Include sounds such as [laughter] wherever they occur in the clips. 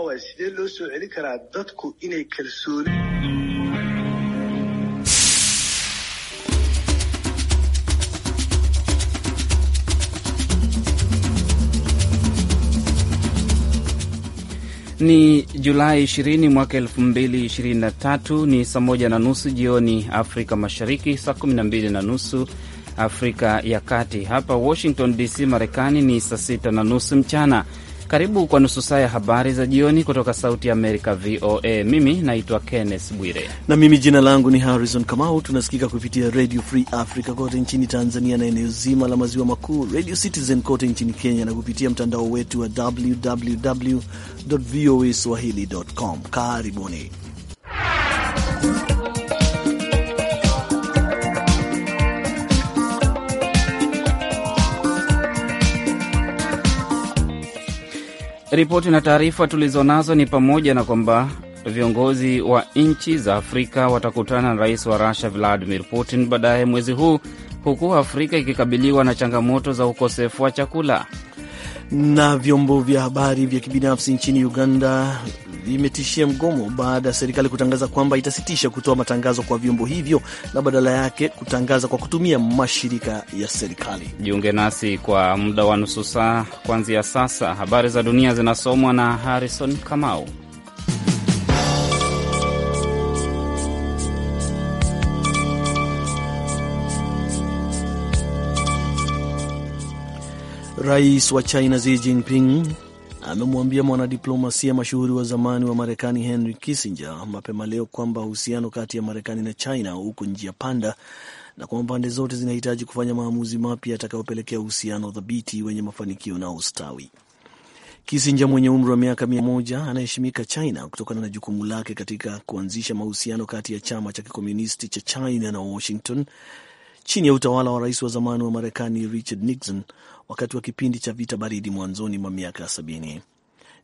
Sidee loo soo celin karaa dadku inay kalsooni Ni Julai 20 mwaka 2023, ni saa moja na nusu jioni Afrika Mashariki, saa 12 na nusu Afrika ya Kati. Hapa Washington DC, Marekani ni saa sita na nusu mchana. Karibu kwa nusu saa ya habari za jioni kutoka Sauti ya Amerika, VOA. Mimi naitwa kennes Bwire na mimi jina langu ni Harrison Kamau. Tunasikika kupitia Radio Free Africa kote nchini Tanzania na eneo zima la maziwa makuu, Radio Citizen kote nchini Kenya na kupitia mtandao wetu wa www voa swahili.com. Karibuni. Ripoti na taarifa tulizonazo ni pamoja na kwamba viongozi wa nchi za Afrika watakutana na rais wa Rusia Vladimir Putin baadaye mwezi huu, huku Afrika ikikabiliwa na changamoto za ukosefu wa chakula. Na vyombo vya habari vya kibinafsi nchini Uganda vimetishia mgomo baada ya serikali kutangaza kwamba itasitisha kutoa matangazo kwa vyombo hivyo na badala yake kutangaza kwa kutumia mashirika ya serikali. Jiunge nasi kwa muda wa nusu saa kuanzia sasa. Habari za dunia zinasomwa na Harrison Kamau. Rais wa China Xi Jinping amemwambia mwanadiplomasia mashuhuri wa zamani wa Marekani Henry Kissinger mapema leo kwamba uhusiano kati ya Marekani na China huko njia panda na kwamba pande zote zinahitaji kufanya maamuzi mapya yatakayopelekea uhusiano thabiti wenye mafanikio na ustawi. Kissinger mwenye umri wa miaka mia moja anaheshimika China kutokana na jukumu lake katika kuanzisha mahusiano kati ya chama cha kikomunisti cha China na Washington chini ya utawala wa rais wa zamani wa Marekani Richard Nixon wakati wa kipindi cha vita baridi mwanzoni mwa miaka ya sabini.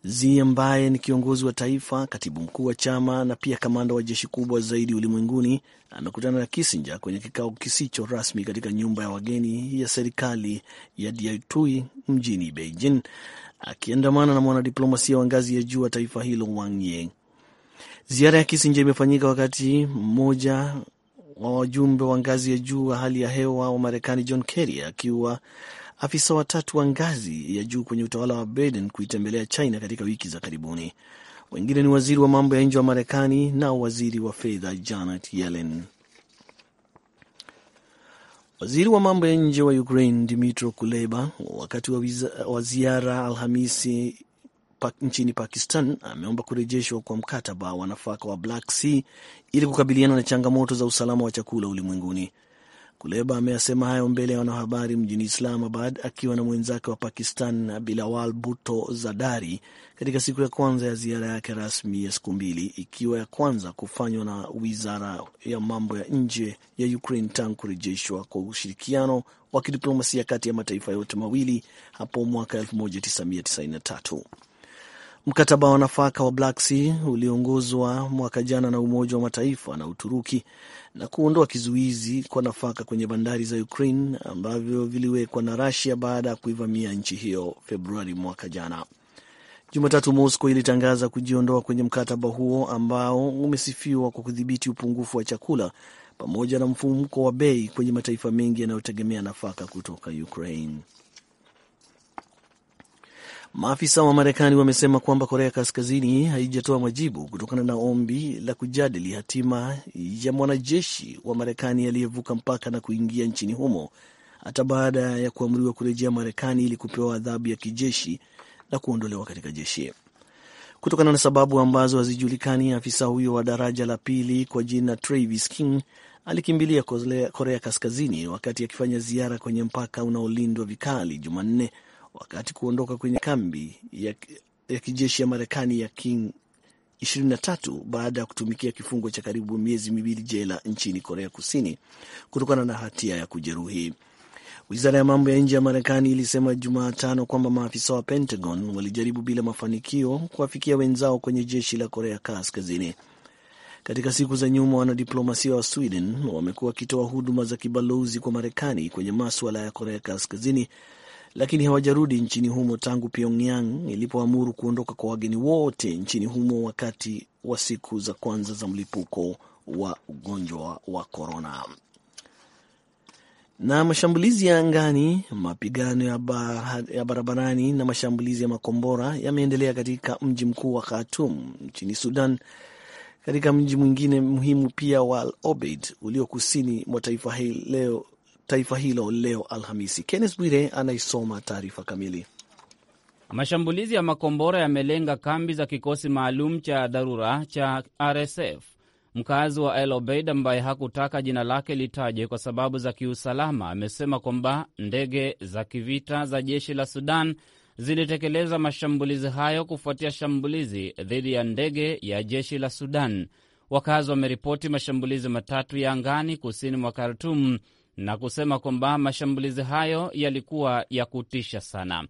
Xi ambaye ni kiongozi wa taifa, katibu mkuu wa chama na pia kamanda wa jeshi kubwa zaidi ulimwenguni amekutana na Kissinger kwenye kikao kisicho rasmi katika nyumba ya wageni ya serikali ya Diaoyu mjini Beijing, akiandamana na mwanadiplomasia wa ngazi ya juu wa taifa hilo Wang Yi. Ziara ya Kissinger imefanyika wakati mmoja wa wajumbe wa ngazi ya juu wa hali ya hewa wa Marekani John Kerry akiwa afisa watatu wa ngazi ya juu kwenye utawala wa Biden kuitembelea China katika wiki za karibuni. Wengine ni waziri wa mambo ya nje wa Marekani na waziri wa fedha Janet Yellen. Waziri wa mambo ya nje wa Ukraine Dmytro Kuleba, wakati wa, wiza, wa ziara Alhamisi pa, nchini Pakistan, ameomba kurejeshwa kwa mkataba wa nafaka wa Black Sea ili kukabiliana na changamoto za usalama wa chakula ulimwenguni. Kuleba ameyasema hayo mbele ya wanahabari mjini Islamabad akiwa na mwenzake wa Pakistan Bilawal Bhutto Zardari katika siku ya kwanza ya ziara yake rasmi ya siku mbili, ikiwa ya kwanza kufanywa na wizara ya mambo ya nje ya Ukraine tangu kurejeshwa kwa ushirikiano wa kidiplomasia kati ya mataifa yote mawili hapo mwaka 1993. Mkataba wa nafaka wa Black Sea uliongozwa mwaka jana na Umoja wa Mataifa na Uturuki na kuondoa kizuizi kwa nafaka kwenye bandari za Ukraine ambavyo viliwekwa na Russia baada ya kuivamia nchi hiyo Februari mwaka jana. Jumatatu, Moscow ilitangaza kujiondoa kwenye mkataba huo ambao umesifiwa kwa kudhibiti upungufu wa chakula pamoja na mfumuko wa bei kwenye mataifa mengi yanayotegemea nafaka kutoka Ukraine. Maafisa wa Marekani wamesema kwamba Korea Kaskazini haijatoa majibu kutokana na ombi la kujadili hatima ya mwanajeshi wa Marekani aliyevuka mpaka na kuingia nchini humo hata baada ya kuamriwa kurejea Marekani ili kupewa adhabu ya kijeshi na kuondolewa katika jeshi kutokana na sababu ambazo hazijulikani. Afisa huyo wa daraja la pili kwa jina Travis King alikimbilia Korea Kaskazini wakati akifanya ziara kwenye mpaka unaolindwa vikali Jumanne wakati kuondoka kwenye kambi ya, ya kijeshi ya Marekani ya King 23 baada ya kutumikia kifungo cha karibu miezi miwili jela nchini Korea Kusini kutokana na hatia ya kujeruhi. Wizara ya mambo ya nje ya Marekani ilisema Jumatano kwamba maafisa wa Pentagon walijaribu bila mafanikio kuwafikia wenzao kwenye jeshi la Korea Kaskazini. Katika siku za nyuma, wanadiplomasia wa Sweden wamekuwa wakitoa huduma za kibalozi kwa Marekani kwenye maswala ya Korea Kaskazini lakini hawajarudi nchini humo tangu Pyongyang ilipoamuru kuondoka kwa wageni wote nchini humo wakati wa siku za kwanza za mlipuko wa ugonjwa wa korona. Na mashambulizi ya angani, mapigano ya, bar ya barabarani na mashambulizi ya makombora yameendelea katika mji mkuu wa Khartoum nchini Sudan, katika mji mwingine muhimu pia wa Al Obeid ulio kusini mwa taifa hili leo taifa hilo leo Alhamisi. Kennes Bwire anaisoma taarifa kamili. Mashambulizi ya makombora yamelenga kambi za kikosi maalum cha dharura cha RSF. Mkazi wa El Obeid ambaye hakutaka jina lake litaje kwa sababu za kiusalama amesema kwamba ndege za kivita za jeshi la Sudan zilitekeleza mashambulizi hayo kufuatia shambulizi dhidi ya ndege ya jeshi la Sudan. Wakazi wameripoti mashambulizi matatu ya angani kusini mwa Khartum na kusema kwamba mashambulizi hayo yalikuwa ya kutisha sana.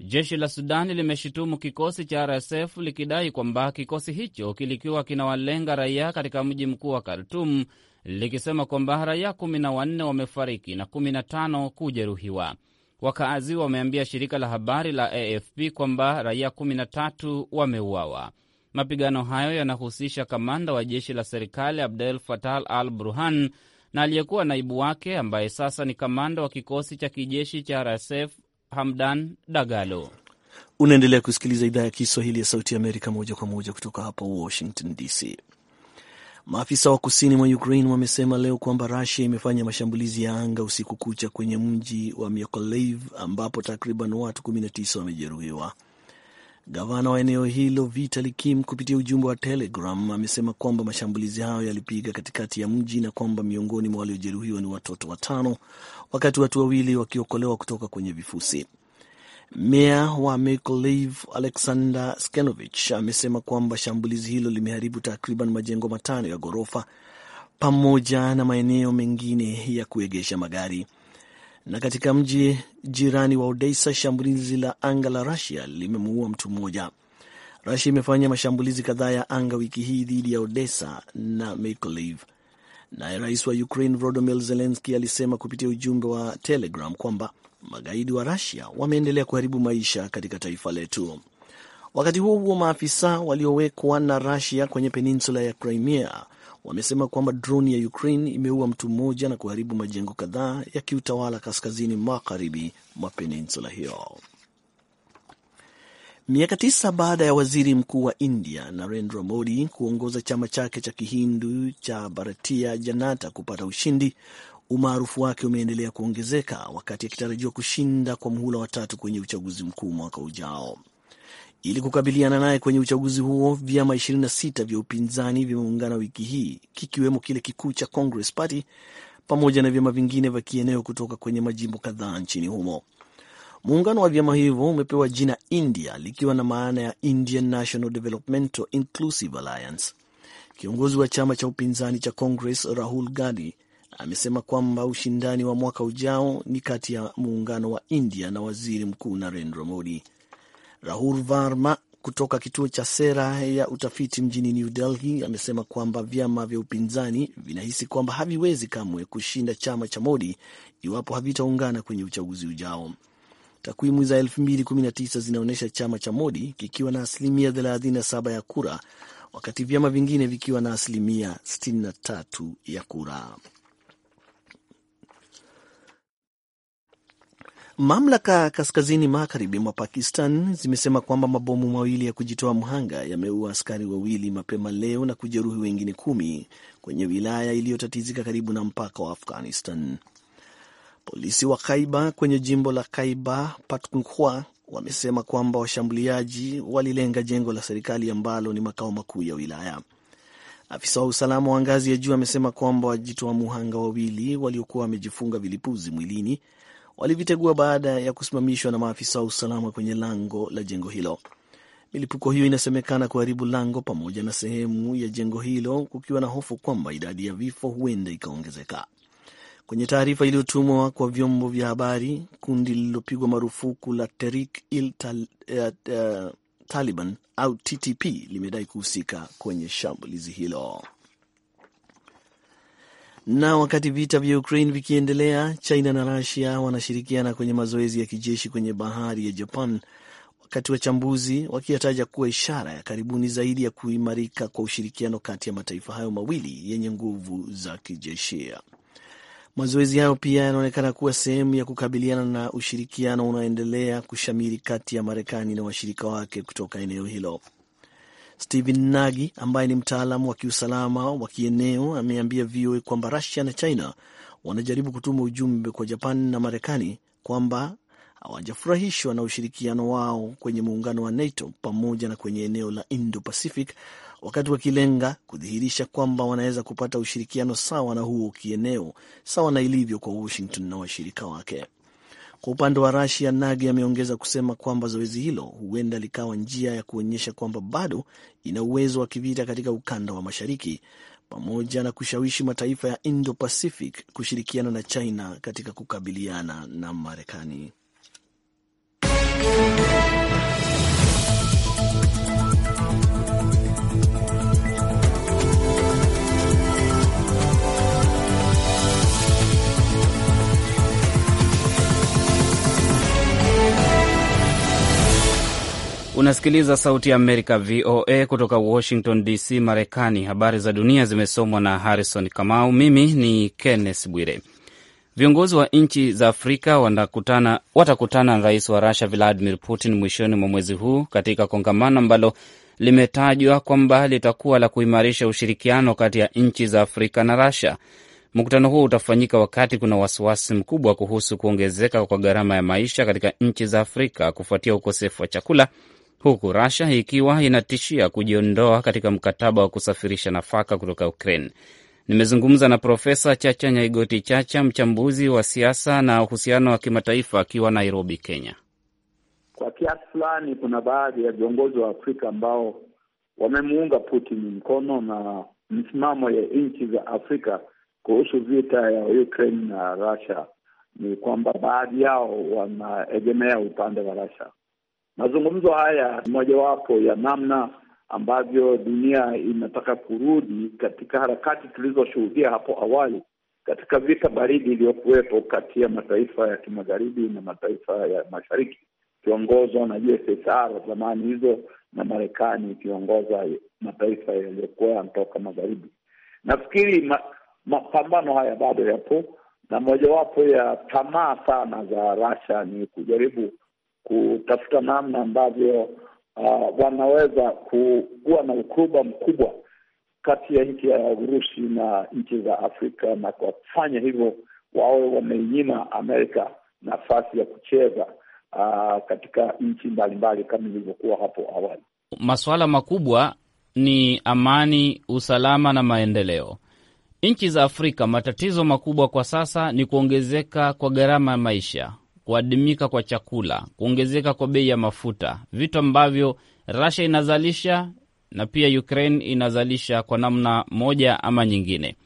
Jeshi la Sudani limeshutumu kikosi cha RSF likidai kwamba kikosi hicho kilikuwa kinawalenga raia katika mji mkuu wa Khartum, likisema kwamba raia 14 wamefariki na 15 kujeruhiwa. Wakaazi wameambia shirika la habari la AFP kwamba raia 13 wameuawa. Mapigano hayo yanahusisha kamanda wa jeshi la serikali Abdel Fattah al Burhan na aliyekuwa naibu wake ambaye sasa ni kamanda wa kikosi cha kijeshi cha RSF Hamdan Dagalo. Unaendelea kusikiliza idhaa ya Kiswahili ya Sauti ya Amerika moja kwa moja kutoka hapa Washington DC. Maafisa wa kusini mwa Ukraine wamesema leo kwamba Rusia imefanya mashambulizi ya anga usiku kucha kwenye mji wa Mykolaiv ambapo takriban watu 19 wamejeruhiwa. Gavana wa eneo hilo Vitali Kim kupitia ujumbe wa Telegram amesema kwamba mashambulizi hayo yalipiga katikati ya mji na kwamba miongoni mwa waliojeruhiwa ni watoto watano, wakati watu wawili wakiokolewa kutoka kwenye vifusi. Meya wa Mykolaiv Alexander Skenovich amesema kwamba shambulizi hilo limeharibu takriban majengo matano ya ghorofa pamoja na maeneo mengine ya kuegesha magari. Na katika mji jirani wa Odessa, shambulizi la anga la rasia limemuua mtu mmoja. rasia imefanya mashambulizi kadhaa ya anga wiki hii dhidi ya Odessa na Mykolaiv. Naye rais wa Ukraine Volodymyr Zelensky alisema kupitia ujumbe wa Telegram kwamba magaidi wa rasia wameendelea kuharibu maisha katika taifa letu. Wakati huo huo, maafisa waliowekwa na rasia kwenye peninsula ya Crimea wamesema kwamba droni ya Ukraine imeua mtu mmoja na kuharibu majengo kadhaa ya kiutawala kaskazini magharibi mwa peninsula hiyo. Miaka tisa baada ya waziri mkuu wa India Narendra Modi kuongoza chama chake cha kihindu cha Bharatiya Janata kupata ushindi, umaarufu wake umeendelea kuongezeka wakati akitarajiwa kushinda kwa muhula watatu kwenye uchaguzi mkuu mwaka ujao. Ili kukabiliana naye kwenye uchaguzi huo, vyama 26 vya upinzani vimeungana wiki hii, kikiwemo kile kikuu cha Congress Party pamoja na vyama vingine vya kieneo kutoka kwenye majimbo kadhaa nchini humo. Muungano wa vyama hivyo umepewa jina India likiwa na maana ya Indian National Developmental Inclusive Alliance. Kiongozi wa chama cha upinzani cha Congress Rahul Gandhi amesema kwamba ushindani wa mwaka ujao ni kati ya muungano wa India na waziri mkuu Narendra Modi. Rahul Varma kutoka kituo cha sera ya utafiti mjini New Delhi amesema kwamba vyama vya upinzani vinahisi kwamba haviwezi kamwe kushinda chama cha Modi iwapo havitaungana kwenye uchaguzi ujao. Takwimu za 2019 zinaonyesha chama cha Modi kikiwa na asilimia 37 ya kura wakati vyama vingine vikiwa na asilimia 63 ya kura. Mamlaka kaskazini magharibi mwa Pakistan zimesema kwamba mabomu mawili ya kujitoa mhanga yameua askari wawili mapema leo na kujeruhi wengine kumi kwenye wilaya iliyotatizika karibu na mpaka wa Afghanistan. Polisi wa Kaiba kwenye jimbo la Kaiba Pakhtunkhwa wamesema kwamba washambuliaji walilenga jengo la serikali ambalo ni makao makuu ya wilaya. Afisa wa usalama wa ngazi ya juu amesema kwamba wajitoa muhanga wawili waliokuwa wamejifunga vilipuzi mwilini walivitegua baada ya kusimamishwa na maafisa wa usalama kwenye lango la jengo hilo. Milipuko hiyo inasemekana kuharibu lango pamoja na sehemu ya jengo hilo, kukiwa na hofu kwamba idadi ya vifo huenda ikaongezeka. Kwenye taarifa iliyotumwa kwa vyombo vya habari, kundi lililopigwa marufuku la Tehrik il -tal, uh, Taliban au TTP limedai kuhusika kwenye shambulizi hilo. Na wakati vita vya Ukraine vikiendelea, China na Rusia wanashirikiana kwenye mazoezi ya kijeshi kwenye bahari ya Japan, wakati wachambuzi wakiyataja kuwa ishara ya karibuni zaidi ya kuimarika kwa ushirikiano kati ya mataifa hayo mawili yenye nguvu za kijeshi. Mazoezi hayo pia yanaonekana kuwa sehemu ya kukabiliana na ushirikiano unaoendelea kushamiri kati ya Marekani na washirika wake kutoka eneo hilo. Stephen nagi ambaye ni mtaalamu wa kiusalama wa kieneo ameambia VOA kwamba Russia na China wanajaribu kutuma ujumbe kwa Japan na Marekani kwamba hawajafurahishwa na ushirikiano wao kwenye muungano wa NATO pamoja na kwenye eneo la Indo-Pacific, wakati wakilenga kudhihirisha kwamba wanaweza kupata ushirikiano sawa na huo kieneo, sawa na ilivyo kwa Washington na washirika wake. Kwa upande wa rasia Nagi ameongeza kusema kwamba zoezi hilo huenda likawa njia ya kuonyesha kwamba bado ina uwezo wa kivita katika ukanda wa mashariki pamoja na kushawishi mataifa ya Indo-Pacific kushirikiana na China katika kukabiliana na Marekani. Unasikiliza Sauti ya Amerika, VOA, kutoka Washington DC, Marekani. Habari za dunia zimesomwa na Harrison Kamau. Mimi ni Kenneth Bwire. Viongozi wa nchi za Afrika watakutana na rais wa Rusia Vladimir Putin mwishoni mwa mwezi huu katika kongamano ambalo limetajwa kwamba litakuwa la kuimarisha ushirikiano kati ya nchi za Afrika na Rusia. Mkutano huo utafanyika wakati kuna wasiwasi mkubwa kuhusu kuongezeka kwa gharama ya maisha katika nchi za Afrika kufuatia ukosefu wa chakula huku Russia ikiwa inatishia kujiondoa katika mkataba wa kusafirisha nafaka kutoka Ukraine. Nimezungumza na Profesa Chacha Nyaigoti Chacha, mchambuzi wa siasa na uhusiano wa kimataifa, akiwa Nairobi, Kenya. Kwa kiasi fulani, kuna baadhi ya viongozi wa Afrika ambao wamemuunga Putin mkono na msimamo ya nchi za Afrika kuhusu vita ya Ukraine na rasia ni kwamba baadhi yao wanaegemea upande wa rasia Mazungumzo haya ni mojawapo ya namna ambavyo dunia inataka kurudi katika harakati tulizoshuhudia hapo awali katika vita baridi iliyokuwepo kati ya mataifa ya kimagharibi na mataifa ya mashariki ikiongozwa na USSR zamani hizo na Marekani ikiongoza mataifa yaliyokuwa yanatoka magharibi. Nafikiri ma, mapambano haya bado yapo, na mojawapo ya tamaa sana za Russia ni kujaribu kutafuta namna ambavyo uh, wanaweza kuwa na ukuba mkubwa kati ya nchi ya Urusi na nchi za Afrika, na kwa kufanya hivyo wawe wameinyima Amerika nafasi ya kucheza uh, katika nchi mbalimbali kama ilivyokuwa hapo awali. Masuala makubwa ni amani, usalama na maendeleo. Nchi za Afrika matatizo makubwa kwa sasa ni kuongezeka kwa gharama ya maisha, kuadimika kwa chakula, kuongezeka kwa bei ya mafuta, vitu ambavyo Russia inazalisha na pia Ukraine inazalisha kwa namna moja ama nyingine.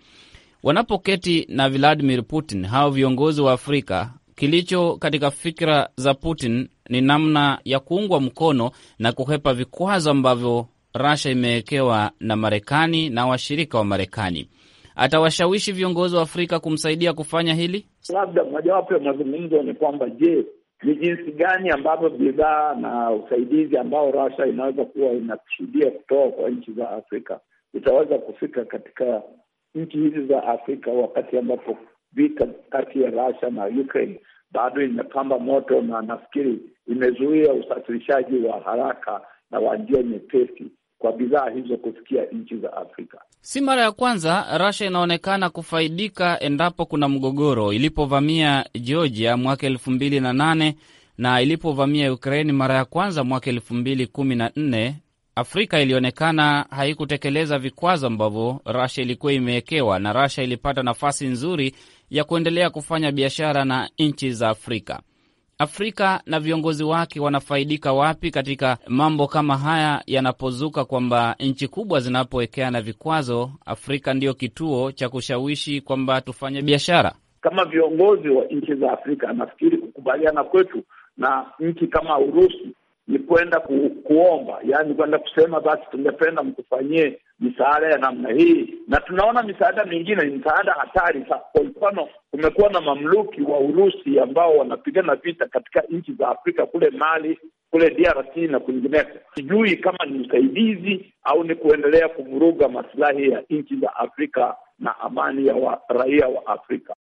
Wanapoketi na Vladimir Putin, hao viongozi wa Afrika, kilicho katika fikra za Putin ni namna ya kuungwa mkono na kuhepa vikwazo ambavyo Russia imewekewa na Marekani na washirika wa Marekani atawashawishi viongozi wa Afrika kumsaidia kufanya hili? Labda mojawapo ya mazungumzo ni kwamba, je, ni jinsi gani ambavyo bidhaa na usaidizi ambao Russia inaweza kuwa inakusudia kutoa kwa nchi za Afrika itaweza kufika katika nchi hizi za Afrika wakati ambapo vita kati ya Russia na Ukraine bado imepamba moto, na nafikiri imezuia usafirishaji wa haraka na wa njia nyepesi kwa bidhaa hizo kufikia nchi za Afrika. Si mara ya kwanza Russia inaonekana kufaidika endapo kuna mgogoro, ilipovamia Georgia mwaka elfu mbili na nane na ilipovamia Ukraini mara ya kwanza mwaka elfu mbili kumi na nne. Afrika ilionekana haikutekeleza vikwazo ambavyo Russia ilikuwa imewekewa, na Russia ilipata nafasi nzuri ya kuendelea kufanya biashara na nchi za Afrika. Afrika na viongozi wake wanafaidika wapi katika mambo kama haya yanapozuka, kwamba nchi kubwa zinapowekeana vikwazo, Afrika ndiyo kituo cha kushawishi kwamba tufanye biashara? Kama viongozi wa nchi za Afrika, nafikiri kukubaliana kwetu na nchi kama Urusi ni kwenda ku, kuomba, yaani kwenda kusema basi, tungependa mtufanyie misaada ya namna hii. Na tunaona misaada mingine ni misaada hatari sana. Kwa mfano, kumekuwa na mamluki wa Urusi ambao wanapigana vita katika nchi za Afrika, kule Mali, kule DRC na kwingineko. Sijui kama ni usaidizi au ni kuendelea kuvuruga masilahi ya nchi za Afrika na amani ya wa, raia wa Afrika.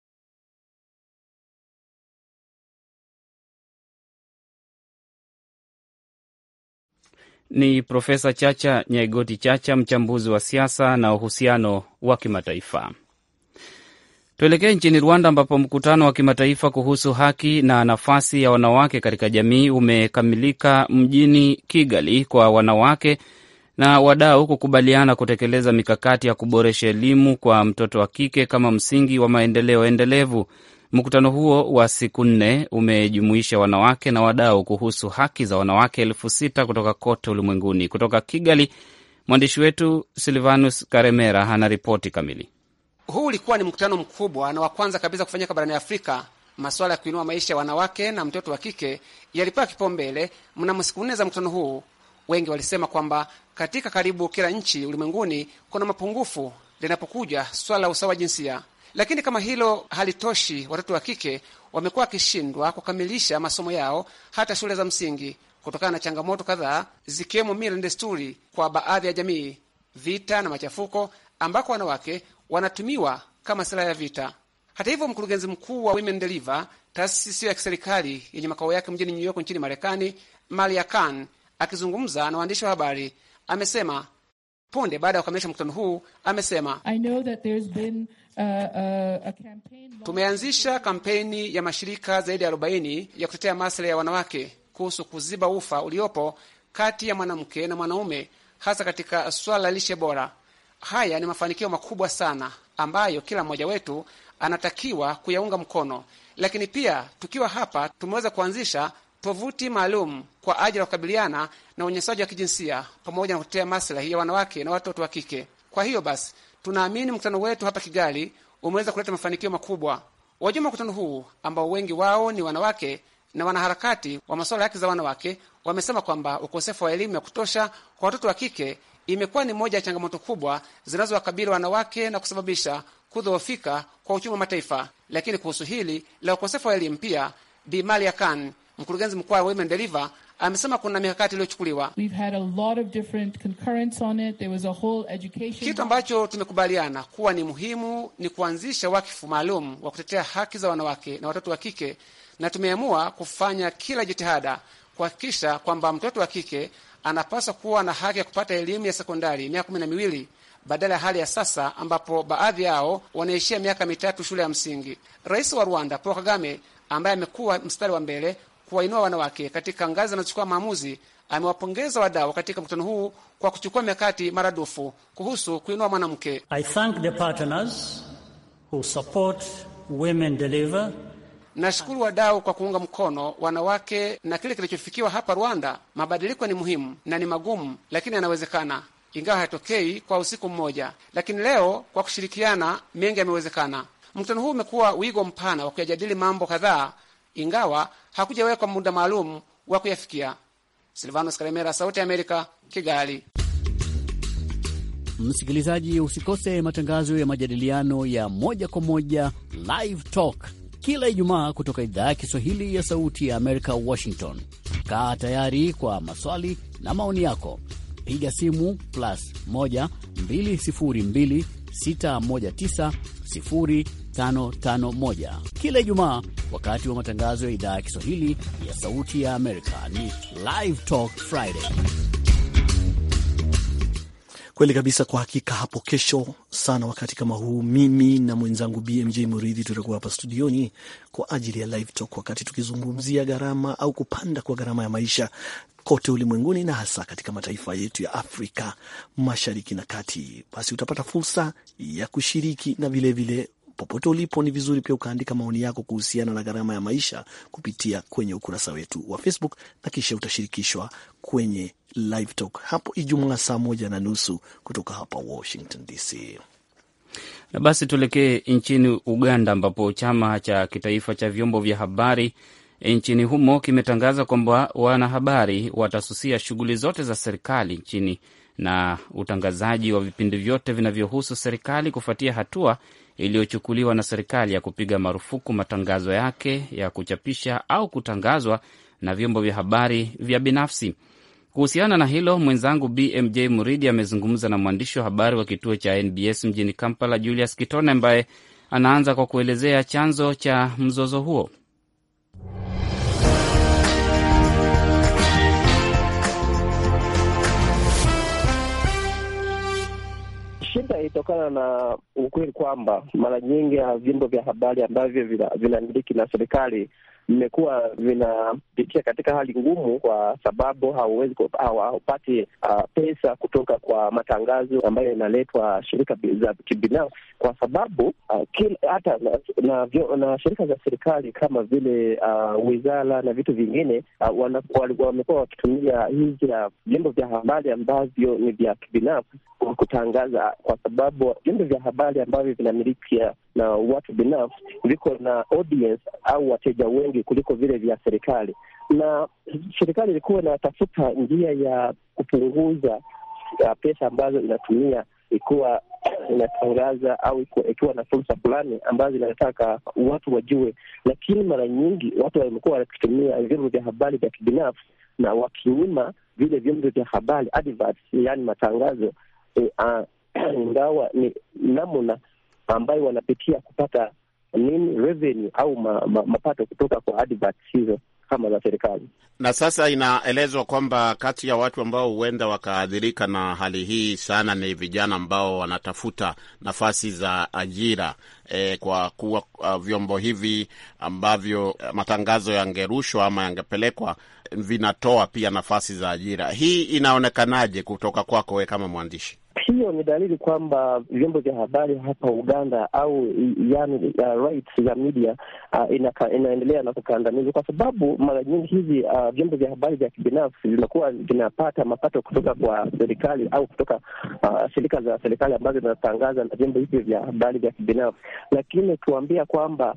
Ni Profesa Chacha Nyaigoti Chacha, mchambuzi wa siasa na uhusiano wa kimataifa. Tuelekee nchini Rwanda, ambapo mkutano wa kimataifa kuhusu haki na nafasi ya wanawake katika jamii umekamilika mjini Kigali kwa wanawake na wadau kukubaliana kutekeleza mikakati ya kuboresha elimu kwa mtoto wa kike kama msingi wa maendeleo endelevu. Mkutano huo wa siku nne umejumuisha wanawake na wadau kuhusu haki za wanawake elfu sita kutoka kote ulimwenguni. Kutoka Kigali, mwandishi wetu Silvanus Karemera ana ripoti kamili. Huu ulikuwa ni mkutano mkubwa na wa kwanza kabisa kufanyika barani Afrika. Masuala ya kuinua maisha ya wanawake na mtoto wa kike yalipewa kipaumbele mnamo siku nne za mkutano huu. Wengi walisema kwamba katika karibu kila nchi ulimwenguni kuna mapungufu linapokuja swala la usawa wa jinsia. Lakini kama hilo halitoshi, watoto wa kike wamekuwa wakishindwa kukamilisha masomo yao hata shule za msingi kutokana na changamoto kadhaa zikiwemo mila na desturi kwa baadhi ya jamii, vita na machafuko, ambako wanawake wanatumiwa kama silaha ya vita. Hata hivyo, mkurugenzi mkuu wa Women Deliver, taasisi ya kiserikali yenye makao yake mjini New York nchini Marekani, Maria Khan, akizungumza na waandishi wa habari, amesema punde baada ya kukamilisha mkutano huu, amesema I know that there's been Uh, uh, Tumeanzisha kampeni ya mashirika zaidi ya 40 ya kutetea maslahi ya wanawake kuhusu kuziba ufa uliopo kati ya mwanamke na mwanaume hasa katika swala la lishe bora. Haya ni mafanikio makubwa sana ambayo kila mmoja wetu anatakiwa kuyaunga mkono, lakini pia tukiwa hapa tumeweza kuanzisha tovuti maalum kwa ajili ya kukabiliana na unyanyasaji wa kijinsia pamoja na kutetea maslahi ya wanawake na watoto wa kike. Kwa hiyo basi Tunaamini mkutano wetu hapa Kigali umeweza kuleta mafanikio makubwa. Wajumbe wa mkutano huu ambao wengi wao ni wanawake na wanaharakati wa masuala ya haki za wanawake wamesema kwamba ukosefu wa elimu ya kutosha kwa watoto wa kike imekuwa ni moja ya changamoto kubwa zinazowakabili wanawake na kusababisha kudhoofika kwa uchumi wa mataifa. Lakini kuhusu hili la ukosefu wa elimu pia, Bi Khan, mkurugenzi mkuu wa Women Deliver, amesema kuna mikakati iliyochukuliwa, kitu ambacho tumekubaliana kuwa ni muhimu ni kuanzisha wakifu maalum wa kutetea haki za wanawake na watoto wa kike, na tumeamua kufanya kila jitihada kuhakikisha kwamba mtoto wa kike anapaswa kuwa na haki ya kupata elimu ya sekondari miaka kumi na miwili badala ya hali ya sasa ambapo baadhi yao wanaishia miaka mitatu shule ya msingi. Rais wa Rwanda Paul Kagame ambaye amekuwa mstari wa mbele kuwainua wanawake katika ngazi zinazochukua maamuzi. Amewapongeza wadau katika mkutano huu kwa kuchukua mikakati maradufu kuhusu kuinua mwanamke. I thank the partners who support women deliver. Nashukuru wadau kwa kuunga mkono wanawake na kile kilichofikiwa hapa Rwanda. Mabadiliko ni muhimu na ni magumu, lakini yanawezekana, ingawa hayatokei kwa usiku mmoja, lakini leo kwa kushirikiana mengi yamewezekana. Mkutano huu umekuwa wigo mpana wa kuyajadili mambo kadhaa, ingawa hakujawekwa muda maalum wa kuyafikia. Silvanos Kalemera, Sauti ya Amerika, Kigali. Msikilizaji, usikose matangazo ya majadiliano ya moja kwa moja Live Talk kila Ijumaa kutoka idhaa ya Kiswahili ya Sauti ya Amerika, Washington. Kaa tayari kwa maswali na maoni yako, piga simu plus 1 202 619 kila Ijumaa wakati wa matangazo ya idhaa ya Kiswahili ya Sauti ya Amerika. Ni Live Talk Friday. Kweli kabisa, kwa hakika hapo kesho sana wakati kama huu, mimi na mwenzangu BMJ Muridhi tutakuwa hapa studioni kwa ajili ya live talk, wakati tukizungumzia gharama au kupanda kwa gharama ya maisha kote ulimwenguni na hasa katika mataifa yetu ya Afrika Mashariki na Kati. Basi utapata fursa ya kushiriki na vilevile popote ulipo, ni vizuri pia ukaandika maoni yako kuhusiana na gharama ya maisha kupitia kwenye ukurasa wetu wa Facebook na kisha utashirikishwa kwenye Live Talk hapo Ijumaa saa moja na nusu kutoka hapa Washington DC. Na basi tuelekee nchini Uganda ambapo chama cha kitaifa cha vyombo vya habari nchini humo kimetangaza kwamba wanahabari watasusia shughuli zote za serikali nchini na utangazaji wa vipindi vyote vinavyohusu serikali kufuatia hatua iliyochukuliwa na serikali ya kupiga marufuku matangazo yake ya kuchapisha au kutangazwa na vyombo vya habari vya binafsi. Kuhusiana na hilo, mwenzangu BMJ Muridi amezungumza na mwandishi wa habari wa kituo cha NBS mjini Kampala, Julius Kitone, ambaye anaanza kwa kuelezea chanzo cha mzozo huo. Shida ilitokana na ukweli kwamba mara nyingi vyombo vya habari ambavyo vinamiliki na serikali vimekuwa vinapitia katika hali ngumu, kwa sababu hauwezi haupati uh, pesa kutoka kwa matangazo ambayo inaletwa shirika za kibinafsi, kwa sababu uh, ah, kil, hata na, na, na, na shirika za serikali kama vile uh, wizara na vitu vingine uh, wamekuwa wakitumia hizi vyombo vya habari ambavyo ni vya kibinafsi kutangaza, kwa sababu vyombo vya habari ambavyo vinamilikia na watu binafsi viko na audience au wateja wengi kuliko vile vya serikali, na serikali ilikuwa inatafuta njia ya kupunguza ya uh, pesa ambazo inatumia ikiwa inatangaza au ikiwa na fursa fulani ambazo inataka watu wajue, lakini mara nyingi watu wamekuwa wakitumia vyombo vya habari vya kibinafsi na wakinyima vile vyombo vya habari adverts, yaani matangazo, eh, ah, [clears throat] ingawa e, ni namna ambayo wanapitia kupata nini revenue au ma, ma, mapato kutoka kwa advert hizo kama za serikali. Na sasa inaelezwa kwamba kati ya watu ambao huenda wakaathirika na hali hii sana ni vijana ambao wanatafuta nafasi za ajira e, kwa kuwa uh, vyombo hivi ambavyo uh, matangazo yangerushwa ama yangepelekwa vinatoa pia nafasi za ajira. Hii inaonekanaje kutoka kwako wewe kama mwandishi? hiyo ni dalili kwamba vyombo vya habari hapa Uganda au yani, uh, rights ya media uh, inaka, inaendelea na kukandamizwa, kwa sababu mara nyingi hizi uh, vyombo vya habari vya kibinafsi vimekuwa vinapata mapato kutoka kwa serikali au kutoka uh, shirika za serikali ambazo zinatangaza na vyombo hivyo vya habari vya kibinafsi, lakini tuambia kwamba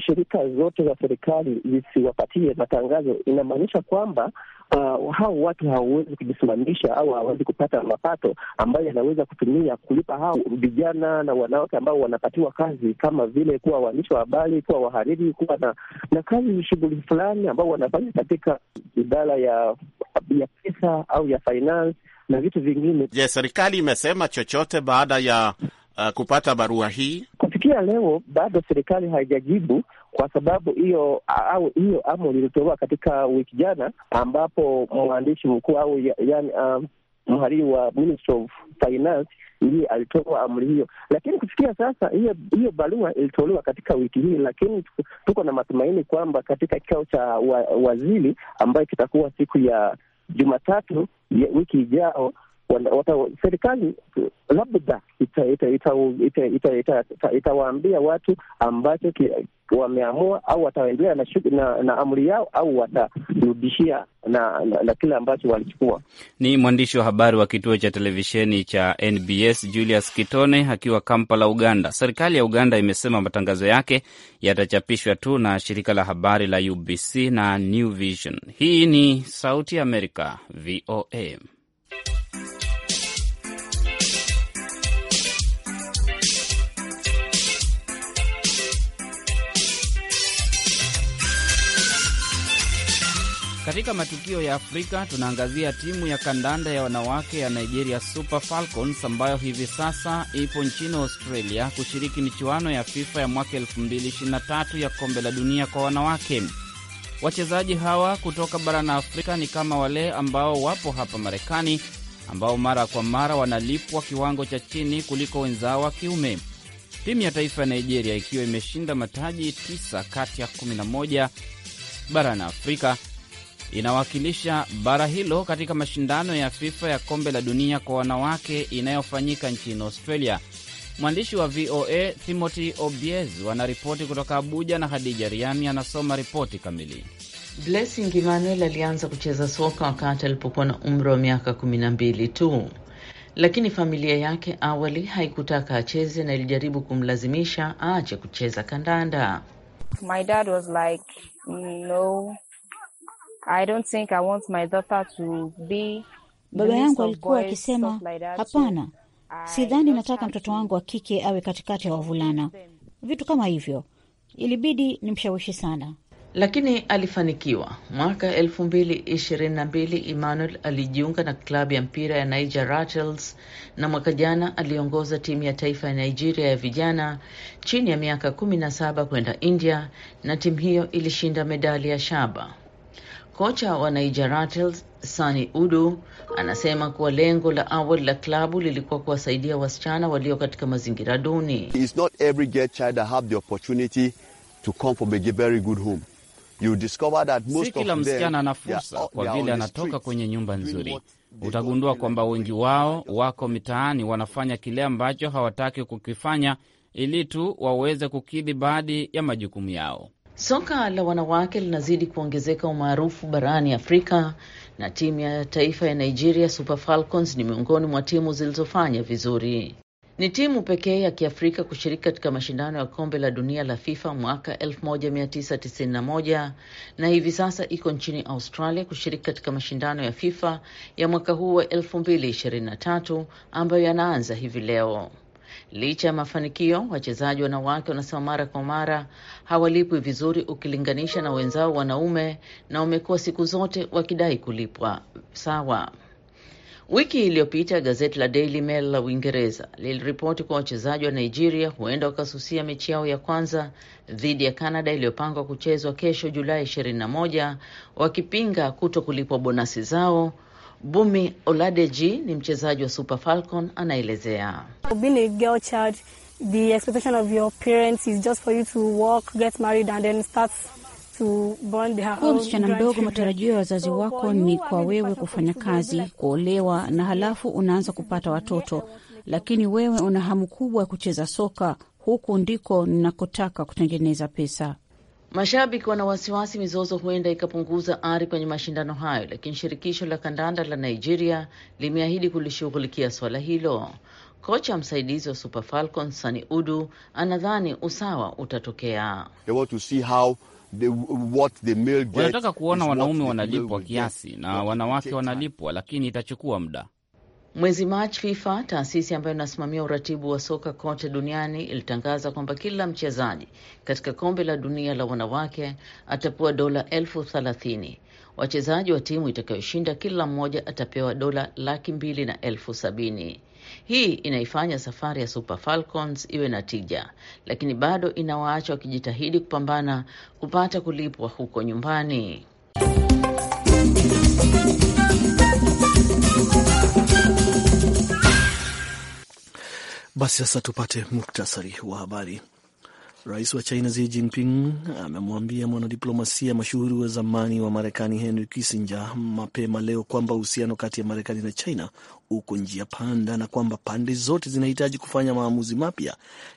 shirika zote za serikali zisiwapatie matangazo, inamaanisha kwamba uh, hao watu hawawezi kujisimamisha au hawawezi kupata mapato ambayo yanaweza kutumia kulipa hao vijana na wanawake ambao wanapatiwa kazi kama vile kuwa waandishi wa habari, kuwa wahariri, kuwa na na kazi shughuli fulani ambao wanafanya katika idara ya ya pesa au ya finance na vitu vingine. Je, yes, serikali imesema chochote baada ya uh, kupata barua hii? Kufikia leo bado serikali haijajibu kwa sababu hiyo au hiyo amri ilitolewa katika wiki jana, ambapo mwandishi mkuu au yaani mhariri wa Ministry of Finance ndiye alitoa amri hiyo, lakini kufikia sasa hiyo hiyo barua ilitolewa katika wiki hii, lakini tuko na matumaini kwamba katika kikao cha wa, waziri ambayo kitakuwa siku ya Jumatatu wiki ijao serikali labda itawaambia watu ambacho wameamua au wataendelea na, na, na amri yao au watarudishia na, na, na kile ambacho walichukua. Ni mwandishi wa habari wa kituo cha televisheni cha NBS Julius Kitone akiwa Kampala, Uganda. Serikali ya Uganda imesema matangazo yake yatachapishwa tu na shirika la habari la UBC na New Vision. Hii ni Sauti ya Amerika, VOA. Katika matukio ya Afrika tunaangazia timu ya kandanda ya wanawake ya Nigeria Super Falcons ambayo hivi sasa ipo nchini Australia kushiriki michuano ya FIFA ya mwaka 2023 ya kombe la dunia kwa wanawake. Wachezaji hawa kutoka barani Afrika ni kama wale ambao wapo hapa Marekani, ambao mara kwa mara wanalipwa kiwango cha chini kuliko wenzao wa kiume. Timu ya taifa ya Nigeria ikiwa imeshinda mataji 9 kati ya 11 barani Afrika inawakilisha bara hilo katika mashindano ya FIFA ya kombe la dunia kwa wanawake inayofanyika nchini Australia. Mwandishi wa VOA Timothy Obiez anaripoti kutoka Abuja na Hadija Riami anasoma ripoti kamili. Blessing Emmanuel alianza kucheza soka wakati alipokuwa na umri wa miaka kumi na mbili tu, lakini familia yake awali haikutaka acheze na ilijaribu kumlazimisha aache kucheza kandanda. My dad was like, no. I don't think I want my daughter to be baba yangu alikuwa akisema like hapana, sidhani nataka mtoto wangu wa kike awe katikati ya wavulana, vitu kama hivyo. Ilibidi nimshawishi sana, lakini alifanikiwa. Mwaka elfu mbili ishirini na mbili Emmanuel alijiunga na klabu ya mpira ya Niger Rattles na mwaka jana aliongoza timu ya taifa ya Nigeria ya vijana chini ya miaka kumi na saba kwenda India, na timu hiyo ilishinda medali ya shaba. Kocha wa Niger Rattles Sani Udu anasema kuwa lengo la awali la klabu lilikuwa kuwasaidia wasichana walio katika mazingira duni. It's not every gay child that have the opportunity to come from a very good home. You discover that most si kila msichana ana fursa kwa vile anatoka kwenye nyumba nzuri. Utagundua kwamba wengi wao wako mitaani, wanafanya kile ambacho hawataki kukifanya ili tu waweze kukidhi baadhi ya majukumu yao. Soka la wanawake linazidi kuongezeka umaarufu barani Afrika na timu ya taifa ya Nigeria Super Falcons ni miongoni mwa timu zilizofanya vizuri. Ni timu pekee ya Kiafrika kushiriki katika mashindano ya kombe la dunia la FIFA mwaka 1991 na hivi sasa iko nchini Australia kushiriki katika mashindano ya FIFA ya mwaka huu wa 2023 ambayo yanaanza hivi leo. Licha ya mafanikio, wachezaji wanawake wanasema mara kwa mara hawalipwi vizuri ukilinganisha na wenzao wanaume, na wamekuwa siku zote wakidai kulipwa sawa. Wiki iliyopita gazeti la Daily Mail la Uingereza liliripoti kuwa wachezaji wa Nigeria huenda wakasusia mechi yao ya kwanza dhidi ya Canada iliyopangwa kuchezwa kesho Julai 21 wakipinga kuto kulipwa bonasi zao Bumi Oladeji ni mchezaji wa Super Falcon, anaelezea kuwa msichana mdogo, matarajio ya wazazi wako ni kwa wewe kufanya kazi, kuolewa, na halafu unaanza kupata watoto, lakini wewe una hamu kubwa ya kucheza soka. Huku ndiko ninakotaka kutengeneza pesa. Mashabiki wana wasiwasi mizozo huenda ikapunguza ari kwenye mashindano hayo, lakini shirikisho la kandanda la Nigeria limeahidi kulishughulikia swala hilo. Kocha msaidizi wa Super Falcons Sani Udu anadhani usawa utatokea. Wanataka kuona wanaume wanalipwa kiasi na wanawake wanalipwa, lakini itachukua muda. Mwezi Machi, FIFA, taasisi ambayo inasimamia uratibu wa soka kote duniani, ilitangaza kwamba kila mchezaji katika kombe la dunia la wanawake atapewa dola elfu thelathini. Wachezaji wa timu itakayoshinda kila mmoja atapewa dola laki mbili na elfu sabini. Hii inaifanya safari ya Super Falcons iwe na tija, lakini bado inawaacha wakijitahidi kupambana kupata kulipwa huko nyumbani. Basi sasa tupate muktasari wa habari. Rais wa China Xi Jinping amemwambia mwanadiplomasia mashuhuri wa zamani wa Marekani Henry Kissinger mapema leo kwamba uhusiano kati ya Marekani na China uko njia panda na kwamba pande zote zinahitaji kufanya maamuzi mapya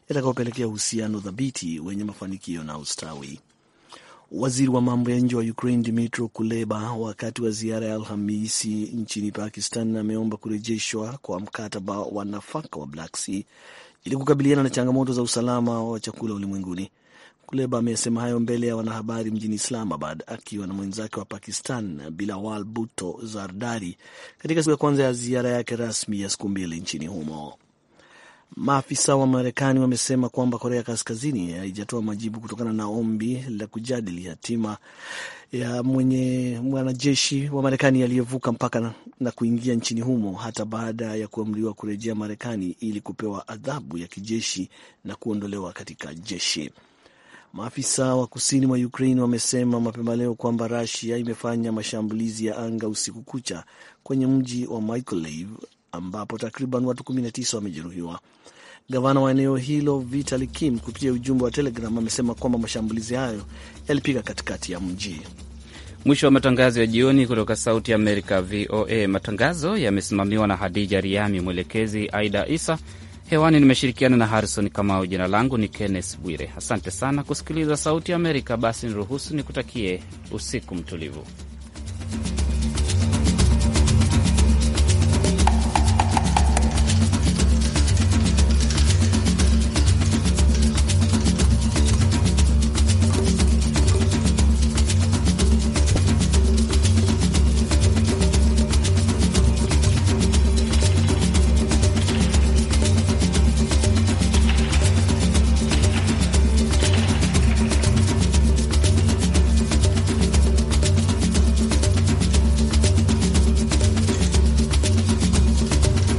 yatakayopelekea uhusiano thabiti wenye mafanikio na ustawi waziri wa mambo ya nje wa Ukraine Dmytro Kuleba wakati wa ziara ya Alhamisi nchini Pakistan ameomba kurejeshwa kwa mkataba wa nafaka wa Black Sea ili kukabiliana na changamoto za usalama wa chakula ulimwenguni. Kuleba amesema hayo mbele ya wanahabari mjini Islamabad akiwa na mwenzake wa Pakistan Bilawal Bhutto Zardari katika siku ya kwanza ya ziara yake rasmi ya siku mbili nchini humo. Maafisa wa Marekani wamesema kwamba Korea Kaskazini haijatoa majibu kutokana na ombi la kujadili hatima ya mwenye mwanajeshi wa Marekani aliyevuka mpaka na kuingia nchini humo hata baada ya kuamriwa kurejea Marekani ili kupewa adhabu ya kijeshi na kuondolewa katika jeshi. Maafisa wa kusini mwa Ukraine wamesema mapema leo kwamba Russia imefanya mashambulizi ya anga usiku kucha kwenye mji wa Mykolaiv ambapo takriban watu 19 wamejeruhiwa. Gavana wa eneo hilo Vitali Kim kupitia ujumbe wa Telegram amesema kwamba mashambulizi hayo yalipiga katikati ya mji. Mwisho wa matangazo ya jioni kutoka Sauti Amerika, VOA. Matangazo yamesimamiwa na Hadija Riami, mwelekezi Aida Isa. Hewani nimeshirikiana na Harrison Kamau. Jina langu ni Kenneth Bwire. Asante sana kusikiliza Sauti Amerika. Basi niruhusu nikutakie usiku mtulivu.